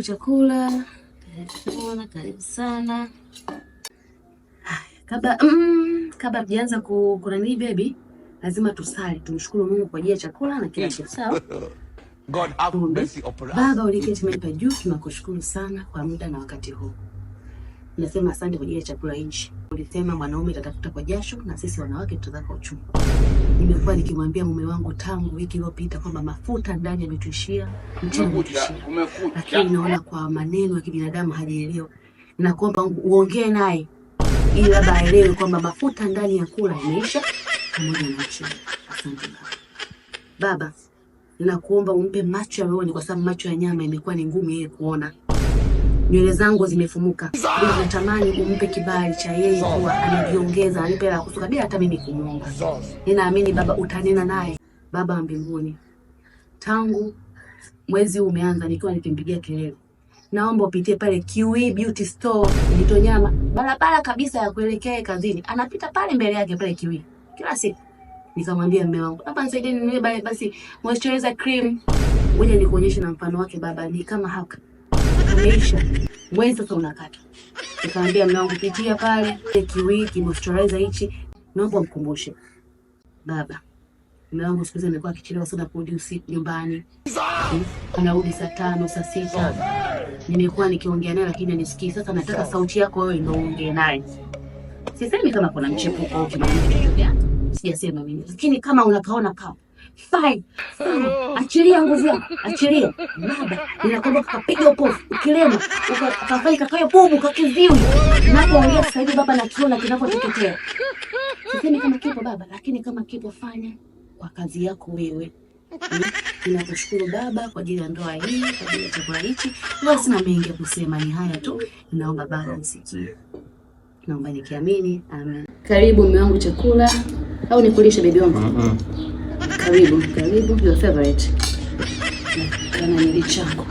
Chakula ona, karibu sana. kabla mm, kabla mjaanza kunani baby, lazima tusali tumshukuru Mungu kwa ajili ya chakula na kila kitu sawa. God have mercy upon us. Baba uliketi mema juu, tunakushukuru sana kwa muda na wakati huu Nasema asante kwa ajili ya chakula hichi. Ulisema mwanaume atatafuta kwa jasho na sisi wanawake tutadhaka uchungu. Nimekuwa nikimwambia mume wangu tangu wiki iliyopita kwamba mafuta ndani yametuishia, mchele umetuishia, lakini naona kwa maneno ya kibinadamu hajaelewa na kwamba uongee naye ili labda aelewe kwamba mafuta ndani ya kula yameisha pamoja na mchele. Asante baba, nakuomba umpe macho ya rohoni, kwa sababu macho ya nyama imekuwa ni ngumu yeye kuona nywele zangu zimefumuka. Natamani umpe kibali cha yeye kuwa anajiongeza, anipe la kusuka bila hata mimi kumwomba. Ninaamini baba utanena naye, baba mbinguni. Tangu mwezi huu umeanza, nikiwa nikimpigia kelele, naomba upitie pale QE Beauty Store Mtonyama, barabara kabisa ya kuelekea kazini, anapita pale mbele yake pale QE kila siku. Nikamwambia mume wangu, baba nisaidie ninunue basi moisturizer cream, ngoja nikuonyeshe na mfano wake baba ni kama haka imeisha, wewe sasa unakata. Nikaambia mwanangu, pitia pale kiwiki moisturizer hichi, naomba mkumbushe baba mwanangu siku hizi amekuwa akichelewa sana kurudi usiku nyumbani, anarudi saa tano saa sita. Nimekuwa nikiongea naye lakini anisikii. Sasa nataka sauti yako wewe ndio uongee naye. Sisemi kama kuna mchepuko au kitu gani, sijasema mimi, lakini kama unakaona kama five oh. achilia nguvu yako, achilia baba, ninakwambia ukapiga upofu, ukilema ukafanyika kaya bubu kakiziwi. Napoongea sasa hivi baba, nakiona kinavyoteketea. Sisemi kama kipo baba, lakini kama kipo, fanya kwa kazi yako wewe. Ninakushukuru baba kwa ajili ya ndoa hii, kwa ajili ya chakula hichi. Basi sina mengi ya kusema, ni haya tu. naomba baba nisikie, naomba nikiamini. Amen. Karibu mume wangu, chakula au nikulishe bibi wangu? mm -hmm. Karibu, karibu your favorite. Kana nili chako.